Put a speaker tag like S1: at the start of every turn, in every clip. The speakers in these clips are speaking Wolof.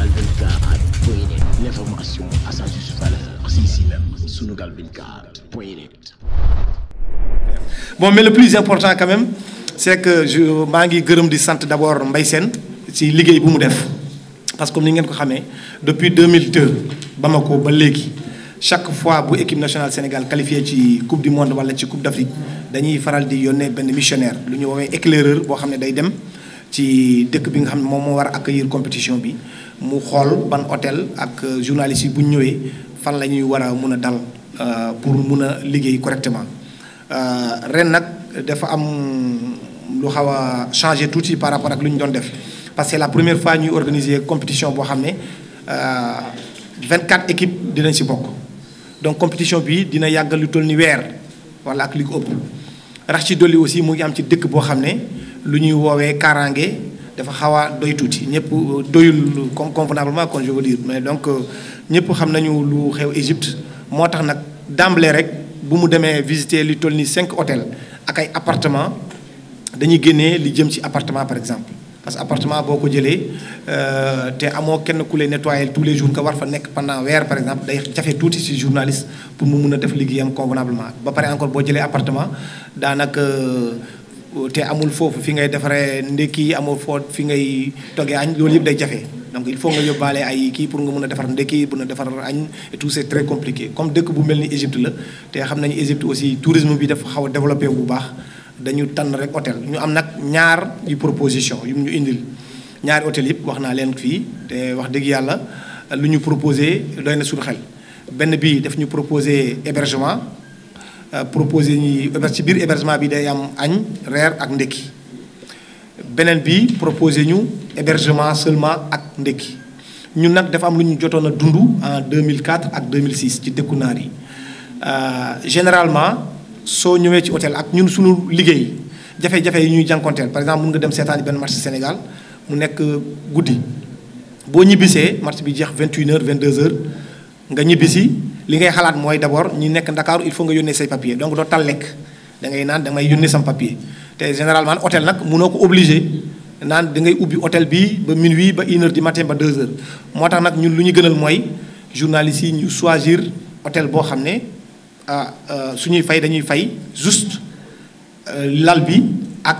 S1: Sunugal 24 point net l'information à sa juste bon mais le plus important quand même c'est que maa ngi gërëm di sant d'abord Mbaye Sène ci liggéey bu mu def parce que ni ngeen ko xamee depuis 2002 Bamako ba léegi. chaque fois bu équipe nationale Sénégal qualifiée ci coupe du monde wala ci coupe d'Afrique dañuy faral di yónnee benn missionnaire lu ñu woowee éclaireur boo xam ne day dem ci dëkk bi nga xam ne moom moo war a accueillir compétition bi mu xool ban hôtel ak euh, journaliste yi bu ñu ñëwee fan la ñuy war a mun a dal euh, pour mun a liggéey correctement euh, ren nag dafa am lu xaw a changé tuuti par rapport ak lu ñu doon def parce que la première fois ñuy organiser compétition boo xam ne 24 équipes dinañ si bokk donc compétition bi dina yàggal lu toll ni weer wala ak li ko rax ci dolli aussi mu ngi am ci dëkk boo xam ne. lu ñuy woowee kaaraange dafa xaw a doy tuuti ñëpp euh, doyul comme convenablement kon je veux dire mais donc euh, ñëpp xam nañu lu xew Égypte moo tax nag d'emblée rek bu mu demee visiter li toll ni cinq hôtels ak ay appartement dañuy génnee li jëm ci appartement par exemple. parce que appartement boo ko jëlee euh, te amoo kenn ku lay nettoyer tous les jours nga war fa nekk pendant weer par exemple day jafe tuuti ci journaliste pour mu mun a def liggéeyam convenablement ba pare encore boo jëlee appartement daanaka. te amul foofu fi ngay defaree ndékki amul foo fi ngay toggee añ loolu yëpp day jafe donc il faut nga yóbbaale ay kii pour nga mën a defar ndékki mën a defar añ et dëkk bu mel ni Égypte la te xam nañu Égypte aussi tourisme bi dafa xaw a bu baax dañu tànn rek hôtel ñu am nag ñaar yu proposition yu ñu indil ñaari hôtel yëpp wax naa leen fii te wax dëgg yàlla lu ñu proposé doy na suñu xel benn bi daf ñu proposé hébergement Euh, proposé ñuy ci biir hébergement bi day am añ reer ak ndékki beneen bi proposé ñu hébergement seulement ak ndékki ñun nag dafa am lu ñu jotoon a dund en 2004 ak 2006 ci dëkku naar yi euh, généralement soo ñëwee ci hôtel ak ñun suñu liggéey jafe-jafe yi ñuy jànkonteel par exemple mun nga dem seetaan benn match Sénégal mu nekk guddi boo ñibbisee match bi jeex 21 heures 22 heures nga ñibbisi li ngay xalaat mooy d'abord ñu nekk Ndakaaru il faut nga yónnee say papier donc doo tal lekk da ngay naan da ngay yónnee sam papier te généralement hôtel nag mënoo ko obligé naan da ngay ubbi hôtel bi ba minuit ba une heure du matin ba deux heures moo tax nag ñu lu ñu gënal mooy journalistes yi ñu choisir hôtel boo xam ne ah, euh, suñuy fay dañuy fay juste euh, lal bi ak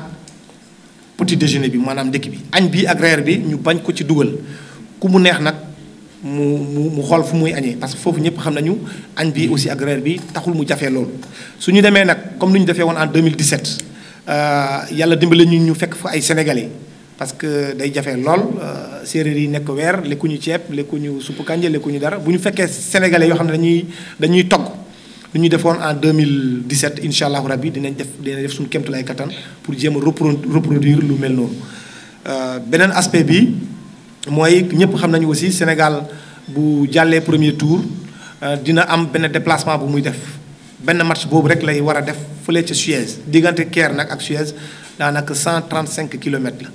S1: petit déjeuner bi maanaam ndekki bi añ bi ak reer bi ñu bañ ko ci dugal ku mu neex nag mu mu mu xool fu muy añee parce que foofu ñëpp xam nañu añ bi aussi ak bi taxul mu jafe lool su ñu demee nag comme ni ñu defee woon en 2017 euh, yàlla dimbale ñu ñu fekk fa ay sénégalais parce que day jafe lool euh, séeréer yi nekk weer lekkuñu ceeb lekkuñu suppu kànja ñu dara bu ñu fekkee sénégalais yoo xam ne dañuy dañuy togg lu ñu defoon en 2017 incha allahu rabbi dinañ def dinañ def suñu kéemtulaay kattan pour jéem a reproduire lu mel noonu euh, beneen aspect bi. mooy ñëpp xam nañu aussi Sénégal bu jàllee premier tour euh, dina am benn déplacement bu muy def benn match boobu rek lay war a def fële ca Suez diggante Caire nag ak Suez daanaka cinq kilomètres la.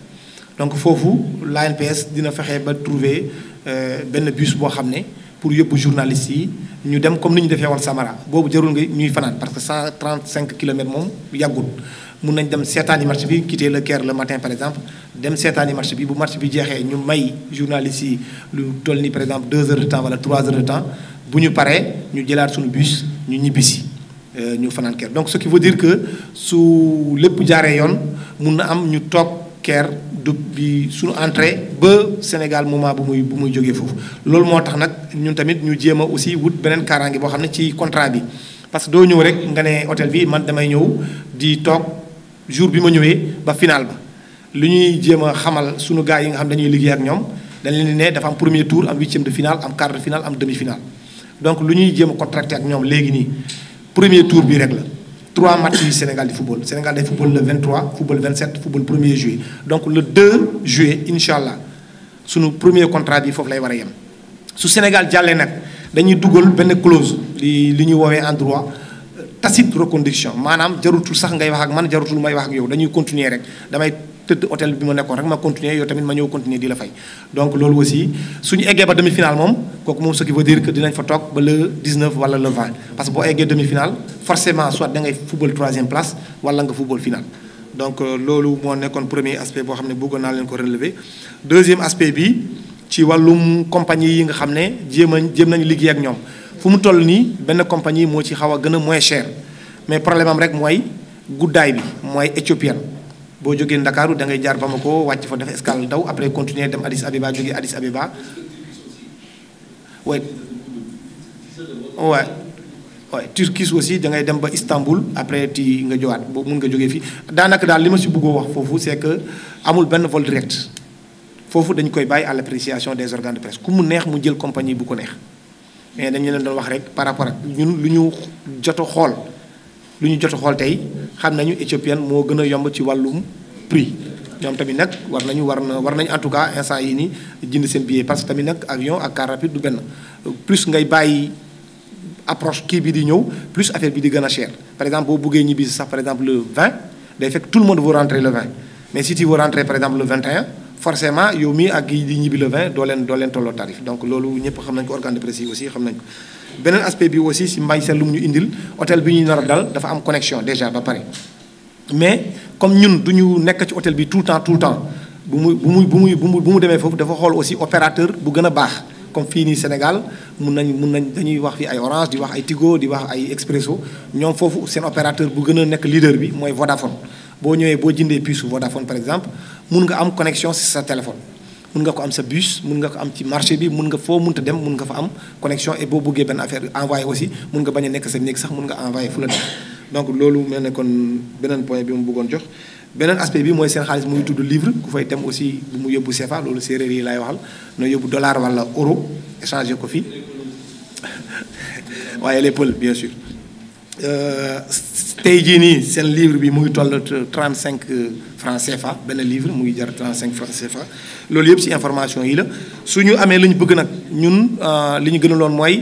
S1: donc foofu l'ANPS dina fexe ba trouver euh, benn bus boo xam ne pour yóbbu journalistes yi ñu dem comme ni ñu defee woon Samara boobu jarul nga ñuy fanaan parce que cent trente cinq kilomètres moom yàggul. mun nañ dem seetaani match bi quitter le Caire le matin par exemple dem seetaani match bi bu match bi jeexee ñu may journalistes yi lu toll ni par exemple 2 heures de temps wala 3 heures de temps bu ñu paree ñu jëlaat suñu bus ñu ñibbisi euh, ñu fanaan ker donc ce qui veut dire que su lépp jaaree yoon mun na am ñu toog Caire du bi sunu entrée ba Sénégal moment bu muy bu muy jógee foofu loolu moo tax nag ñun tamit ñu jéem a aussi wut beneen kaaraange boo xam ne ci contrat bi parce que doo ñëw rek nga ne hôtel bi man damay ñëw di toog. jour bi ma ñëwee ba final ba li ñuy jéem a xamal sunu gars yi nga xam dañuy liggéey ak ñoom dañ leen ne dafa am premier tour am huitième de finale am quart de am demi finale. donc lu ñuy jéem a ak ñoom léegi nii premier tour bi rek la trois matchs yi Sénégal di football Sénégal day football le 23 football 27 football 1er juillet donc le 2 juillet incha allah suñu premier contrat bi foofu lay war a yem. su Sénégal jàllee nag dañuy dugal benn clause li ñuy woowee en tacite reconduction maanaam jarutul sax ngay wax ak man jarutul may wax ak yow dañuy continuer rek damay tëdd hôtel bi ma nekkoon rek ma continuer yow tamit ma ñëw continuer di la fay donc loolu aussi suñu eggee ba demi finale moom kooku moom ce qui veut dire dinañ fa toog ba le 19 wala le 20 parce que boo eggee demi finale forcément soit da football troisième place wala nga football finale donc euh, loolu moo nekkoon premier aspect boo xam ne bëggoon naa leen ko relever deuxième bi ci wàllum compagnie yi nga xam ne jéem a jéem nañu liggéey ak ñoom fu mu toll nii benn compagnie moo ci xaw a gën a moins cher mais problème am rek mooy guddaay bi mooy éthiopienne boo jógee Ndakaaru jaar ba ma ko wàcc fa def escale daw après continuer dem Addis Abeba jógee Addis Abeba way waay waay Turquie aussi da ngay dem ba Istanbul après ti nga jowaat boobu mun nga jógee fii daanaka daal li ma si bëggoo wax foofu c'est que amul benn vol direct foofu dañ koy bàyyi à l'appréciation des organes de presse ku mu neex mu jël bu ko neex mais dañu leen doon wax rek par rapport ak ñun lu ñu jot xool lu ñu jot xool tey xam nañu éthiopienne moo gën a yomb ci wàllum prix ñoom tamit nag war nañu war war nañu en tout cas instant yi ni jënd seen billet parce que tamit nag avion ak car rapide du benn plus ngay bàyyi approche kii bi di ñëw plus affaire bi di gën a cher par exemple boo buggee ñibbi sax par exemple le 20 day fekk tout le monde veut rentrer le 20 mais si tu veux rentrer par exemple le forcément yow mii ak yi di ñibbi le 20 doo leen doo leen tolloo tarif donc loolu ñëpp xam nañ ko organe de presse yi aussi xam nañ ko beneen aspect bi aussi si mbay seetlu mu ñu indil hôtel bi ñuy nar a dal dafa am connexion déjà ba pare mais comme ñun du ñu nekk ci hôtel bi tout le temps tout le temps bu mu bu muy bu mu bu mu demee foofu dafa xool aussi opérateur bu gën a baax comme fii nii Sénégal mun nañ mun nañ dañuy wax fii ay Orange di wax ay Tigo di wax ay Expresso ñoom foofu seen opérateur bu gën a nekk leader bi mooy Vodafone boo ñëwee boo jëndee puce Vodafone par exemple mun nga am connexion si sa téléphone mun nga ko am sa bus mun nga ko am ci marché bi mun nga foo munta dem mun nga fa am connexion et boo bëggee benn affaire envoyé aussi mun nga bañ a nekk sa néeg sax mun nga envoyé fu la dem donc loolu mel ne kon beneen point bi mu bëggoon jox beneen aspect bi mooy seen xaalis muy tudd livre ku fay dem aussi bu mu yóbbu CFA loolu séeréer yi laay waxal na yóbbu dollar wala euro échanger ko fii waaye les pël bien tey jii nii seen livre bi mu ngi toll trente cinq franc fa benn livre mu ngi jar trente cinq franc CFA loolu yëpp ci information yi la su ñu amee lu ñu bëgg nag ñun euh, li ñu gënaloon mooy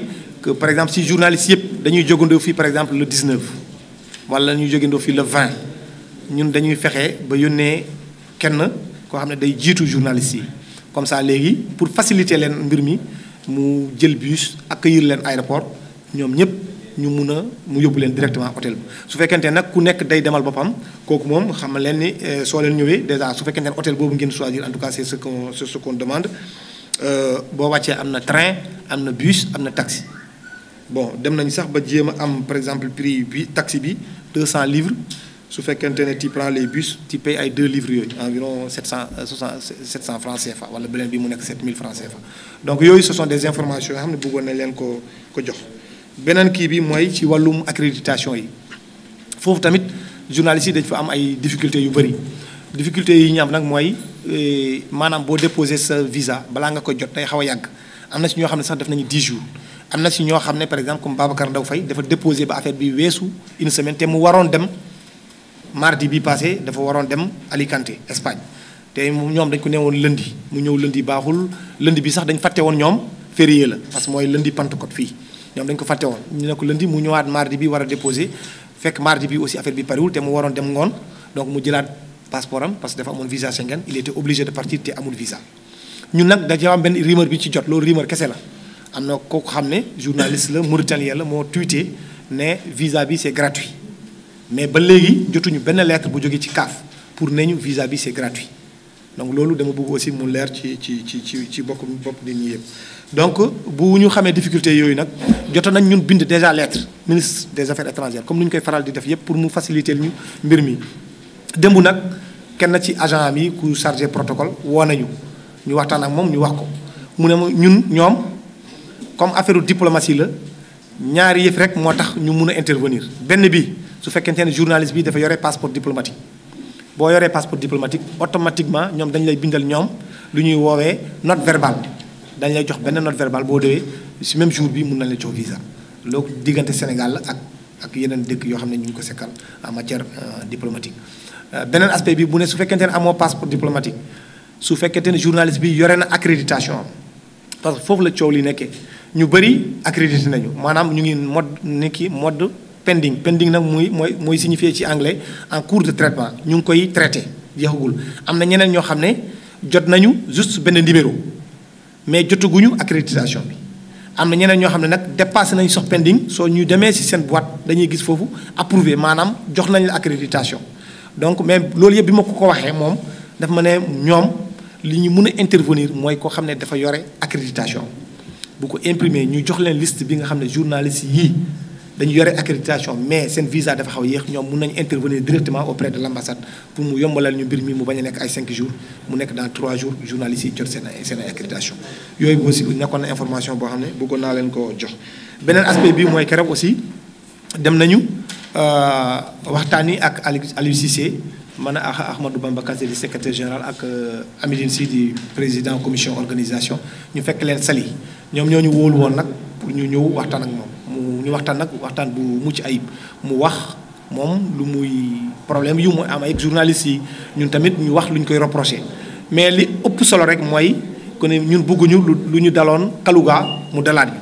S1: par exemple si journaliste yëpp dañuy jógandoo fii par exemple le 19 wala ñuy jógandoo fii le 20 ñun dañuy fexe ba yónnee kenn koo xam ne day jiitu journaliste yi comme ça léegi pour faciliter leen mbir mi mu jël bus accueillir leen aéroport ñoom ñëpp. ñu mun a mu yóbbu leen directement hôtel bi su fekkente nag ku nekk day demal boppam kooku moom xam leen ni eh, soo leen ñëwee déjà su fekkente ne boobu ngeen choisir en tout cas c'est ce qu'on demande euh, boo wàccee am na train am na bus am na taxi bon dem nañu sax ba jéem a am par exemple prix bi taxi bi 200 livres su fekkente ne tu prends les bus tu payes ay 2 livres yooyu environ 700 60 700 francs CFA wala beneen bi mu nekk 7000 francs CFA
S2: donc yooyu ce sont des
S1: ne bëggoon nañ leen ko ko jox. beneen kii bi mooy ci wàllum accréditation yi foofu tamit journalistes yi dañ fa am ay difficultés yu bëri difficultés yi ñu nag mooy eh, maanaam boo déposé sa visa balaa nga ko jot tey xaw a yàgg am na si ñoo xam ne sax def nañu 10 jour am na si ñoo xam ne par exemple comme Babacar Ndaw Faye dafa déposé ba affaire bi weesu une semaine te mu waroon dem mardi bi passé dafa waroon dem Alicante Espagne te ñoom dañ ko nee woon lundi mu ñëw lundi baaxul lundi bi sax dañ fàtte woon ñoom férié la parce que mooy lundi Pentecôte fii ñoom dañ ko fàtte woon ñu ne ko lundi mu ñëwaat mardi bi war a déposé fekk mardi bi aussi affaire bi pariwul te mu waroon dem ngoon donc mu jëlaat passeport am parce que dafa amoon visa Schengen il était obligé de partir te amul visa ñun nag dañoo am benn rumeur bi ci jot loolu rumeur kese la am na kooku xam ne journaliste la mauritanien la moo tweeté ne visa bi c'est gratuit mais ba léegi jotuñu benn lettre bu jógee ci CAF pour ne ñu visa bi c'est gratuit donc loolu dama bëgg aussi mu leer ci ci ci ci ci bokk bopp nit ñi yëpp donc bu ñu xamee difficulté yooyu nag jotoon nañ ñun bind déjà lettre ministre des affaires étrangères comme ni ñu koy faral di def yëpp pour mu faciliter ñu mbir mi. démb nag kenn ci agent am yi ku chargé protocole woo nañu ñu waxtaan ak moom ñu wax ko mu ne ma ñun ñoom comme affaire diplomatie la ñaari yëf rek moo tax ñu mun a intervenir benn bi su fekkente ne journaliste bi dafa yore passeport diplomatique. boo yoree passeport diplomatique automatiquement ñoom dañ lay bindal ñoom lu ñuy woowee note verbale dañ lay jox benn note verbale boo dee si même jour bi mun nañ la jox visa loo diggante Sénégal la ak ak yeneen dëkk yoo xam ne ñu ngi ko sekkal en matière euh, diplomatique euh, beneen aspect bi bu ne su fekkente ne amoo passeport diplomatique su fekkente ne journaliste bi yore na accréditation parce que foofu la coow li nekkee ñu bëri accrédité nañu maanaam ñu ngi mod ni ki mode pending pending nag mooy mooy mooy signifié ci anglais en cours de traitement ñu ngi koy traité jeexagul am na ñeneen ñoo xam ne jot nañu juste benn numéro mais jotaguñu accréditation bi am na ñeneen ñoo xam ne nag dépassé nañu sox pending soo ñu demee si seen boîte dañuy gis foofu approuvé maanaam jox nañ la accréditation donc mais loolu yëpp bi ma ko ko waxee moom dafa ma ne ñoom li ñu mën a intervenir mooy koo xam ne dafa yore accréditation bu ko imprimé ñu jox leen liste bi nga xam ne journaliste yii dañu yore accréditation mais seen visa dafa xaw yéex ñoom mun nañu intervenir directement auprès de l' pour mu yombalal ñu mbir mi mu bañ a nekk ay 5 jours mu nekk dans 3 jours journalistes yi jot seen ay seen ay accréditation yooyu aussi nekkoon na information boo xam ne bëggoon naa leen ko jox.
S2: beneen aspect bi mooy
S1: keroog aussi dem nañu euh, waxtaani ak Aliou Cissé man a Ahmadou Bamba Kassé di secrétaire général ak euh, Amidine si di président commission organisation ñu fekk leen Saly ñoom ñoo ñu wóolu woon nag pour ñu ñëw waxtaan ak moom. ñu waxtaan nag waxtaan bu mucc ayib mu wax moom lu muy problème yu mu am ay journalistes yi ñun tamit ñu wax luñ koy reproché mais li ëpp solo rek mooy que ñun bëgguñu lu ñu daloon Kaluga mu dalaat ñu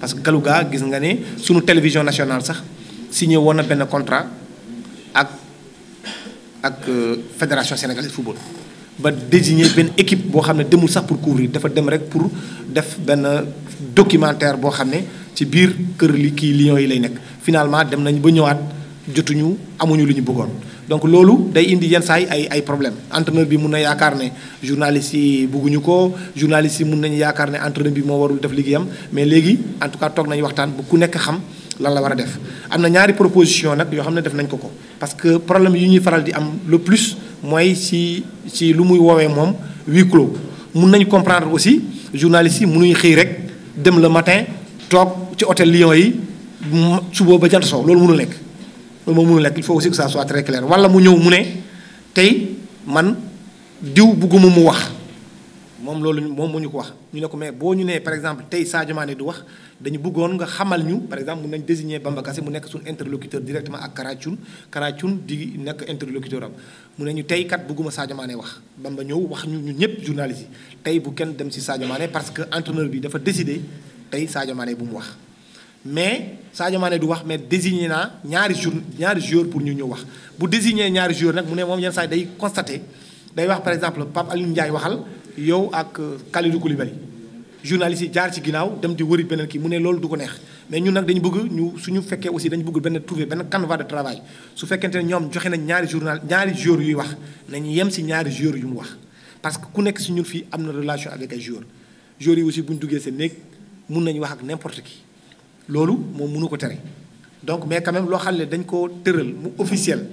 S1: parce que Kaluga gis nga ne suñu télévision nationale sax signé woon na benn contrat ak ak euh, fédération sénégalaise de football. ba désigner benn équipe boo xam ne demul sax pour couvrir dafa dem rek pour def benn documentaire boo xam ne. ci biir kër li kii lions yi lay nekk finalement dem nañu ba ñëwaat jotuñu amuñu lu ñu bëggoon donc loolu day indi yenn saa yi ay ay problème entraîneur bi mun na yaakaar ne journaliste yi bëgguñu ko journaliste yi mun nañu yaakaar ne entraîneur bi moo warul def liggéeyam mais léegi en tout cas toog waxtaan bu ku nekk xam lan la war def am na ñaari proposition nag yoo xam ne def nañ ko ko parce que problème yi ñuy faral di am le plus mooy si si lu muy woowee moom huis clos mun nañu comprendre aussi journaliste yi mënuñu xëy rek dem la matin toog ci hôtel Lions yi suba ba jant soo loolu mënul nekk loolu moom mënul nekk il faut aussi que ça soit très clair wala mu ñëw mu ne tey man diw bugguma mu wax moom loolu moom mu ñu ko wax ñu ne ko mais boo ñu nee par exemple tey Sadio Mané du wax dañu bëggoon nga xamal ñu par exemple mun nañ désigner Bamba kase mu nekk suñu interlocuteur directement ak Karachoun Karachoun di nekk interlocuteur am mu ne ñu tey kat bëgguma Sadio Mané wax Bamba ñëw wax ñu ñu ñëpp journaliste yi tey bu kenn dem si Sadio Mané parce que entraîneur bi dafa décidé tey Sadio Mané bu mu wax mais Sadio Mané du wax mais désigné naa ñaari jour ñaari joueur pour ñu ñëw wax bu désigné ñaari joueur nag mu ne moom yenn saa day constaté day wax par exemple Pape Alioune Ndiaye waxal yow ak euh, Kalidou Koulibaly journaliste yi jaar ci ginnaaw dem di wëri beneen kii mu ne loolu du ko neex mais ñun nag dañu bëgg ñu su ñu fekkee aussi dañu bëgg benn trouver benn canevas de travail su fekkente ne ñoom joxe nañ ñaari journal ñaari joueurs yuy wax nañu yem si ñaari joueurs yu mu wax parce que ku nekk si ñun fii am na relation avec ay joueurs joueurs yi aussi bu ñu duggee seen néeg mun nañu wax ak n'importe loolu moom mënu ko tere donc mais quand loo xam ne dañ ko tëral mu officiel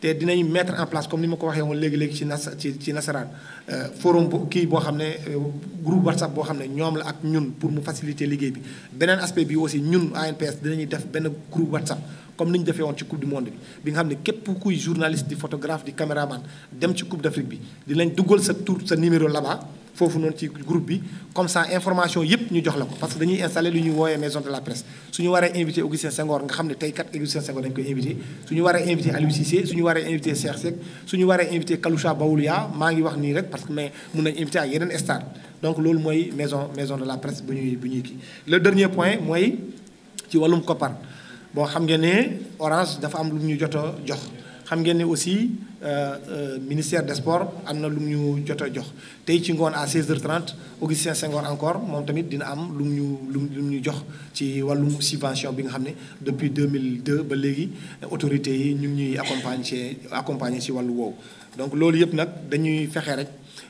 S1: te dinañu mettre en place comme ni ma ko waxee woon léegi-léegi ci nas ci ci nasaraan euh, forum bu kii boo xam ne euh, groupe whatsapp boo xam ne ñoom la ak ñun pour mu faciliter liggéey bi beneen aspect bi aussi ñun ANPS dinañuy def benn groupe whatsapp comme ni ñu defee woon ci coupe du monde bi bi nga xam ne képp kuy journaliste di photographe di caméraman dem ci coupe d'Afrique bi dinañ duggal sa tour sa numéro là-bas foofu noonu ci groupe bi comme ça information yëpp ñu jox la ko parce que dañuy installer lu ñuy wooyee maison de la presse suñu waree invité Augustin Senghor nga xam ne tey kat Augustin Senghor dañu koy invité suñu waree invité Aliou Cissé suñu waree invité Cheikh Seck suñu waree invité Kaloucha Baoulia maa ngi wax nii rek parce que mais mun nañ invité ak yeneen stars donc loolu mooy maison maison de la presse bu ñuy bu ñuy kii le dernier point mooy ci wàllum koppar boo xam nga ne Orange dafa am lu ñu jot a jox xam ngeen ne aussi euh, euh, ministère des sports am na lu mu ñu jot a jox tey ci ngoon à 16h30 Augustin Senghor encore moom tamit dina am lu mu ñu lu mu ñu jox ci wàllum subvention bi nga xam ne depuis deux deux ba léegi euh, autorités yi ñu ngi ñuy accompagner accompagner ci wàllu woowu. donc loolu yëpp nag dañuy fexe rek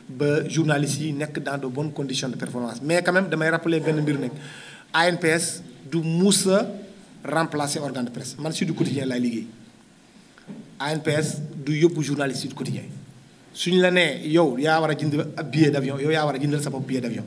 S1: ba journalistes yi nekk dans de bonnes conditions de performance mais quand même damay rappeler benn mbir nekk ANPS du musa remplacer organe de presse man si du liggéey. ANPS du yóbbu journaliste du quotidien suñ la nee yow yaa war a jënd ab a d'avion yow yaa war a jëndal sa bopp billet d'avion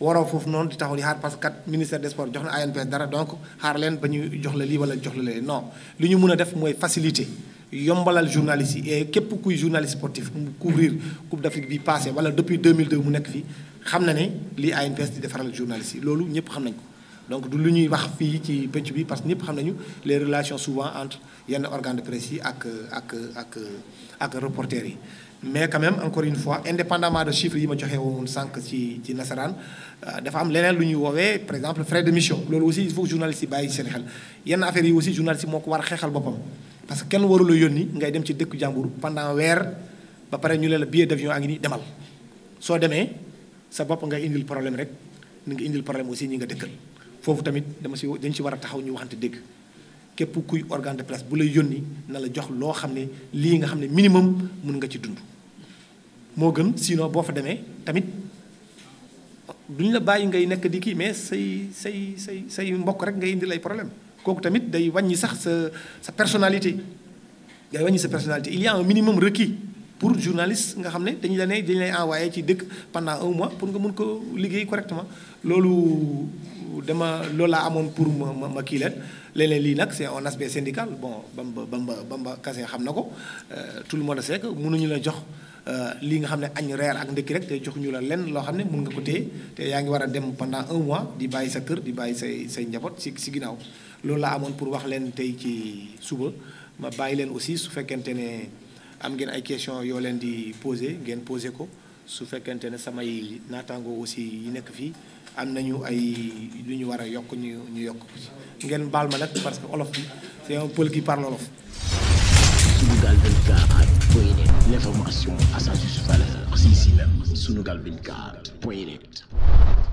S1: waroo foofu noonu di taxaw xaar parce que kat ministère des jox na ANPS dara donc xaar leen ba ñu jox la lii wala jox la lee non li ñu mun a def mooy facilité yombalal journaliste yi et képp kuy journaliste sportif mu couvrir coupe d'Afrique bi passé wala depuis deux 2002 mu nekk fii xam na ni lii ANPS di defaral journaliste yi loolu ñëpp xam nañ ko donc du lu ñuy wax fii ci pëcc bi parce que ñëpp xam nañu les relation souvent entre yenn organes de presse yi ak ak ak ak yi mais quand même encore une fois indépendamment de chiffres yi ma joxe woon sànq ci ci nasaraan euh, dafa am leneen lu ñuy woowee par exemple frais de mission loolu aussi il faut que journalistes yi bàyyi seen xel yenn affaires yi aussi journalistes yi moo ko war a xeexal boppam parce que kenn warula yónni ngay dem ci dëkk jàmbur pendant weer ba pare ñu leen la billet d'avion a ngi ni demal soo demee sa bopp nga indil problème rek ni nga indil problème aussi ñi nga dëkkal foofu tamit dama si dañ si war a taxaw ñu waxante dëgg képp kuy organe de presse bu lay yónni na la jox loo xam ne lii nga xam ne minimum mun nga ci dund moo gën sinon boo fa demee tamit duñ la bàyyi ngay nekk di kii mais say say say say mbokk rek ngay indi lay problème kooku tamit day wàññi sax sa sa personnalité day wàññi sa personnalité il y a un minimum requis pour journaliste nga xam ne dañu la ne dañu lay envoyé ci dëkk pendant un mois pour nga mun ko liggéey correctement loolu dama loolu laa amoon pour ma ma kii leen leneen lii nag c'est un aspect syndical bon Bamba ba Bamba Kassé xam na ko euh, tout le monde sait que mënuñu la jox euh, lii nga xam ne añ reer ak ndëkki rek te joxuñu la lenn loo xam ne mun nga ko téye te yaa ngi war a dem pendant un mois di bàyyi sa kër di bàyyi say say njaboot si si ginnaaw loolu laa amoon pour wax leen tey ci suba ma bàyyi leen aussi su fekkente ne. am ngeen ay question yoo leen di posé ngeen posé ko su fekkente ne samay naataangoo aussi yi nekk fii am na ñu ay lu ñu war a yokk ñu ñu yokk ci ngeen baal ma nag parce que olof bi c'est un peuple qui parle olof. Sunugal 24 point net l'information à sa juste valeur c'est ici même Sunugal 24 point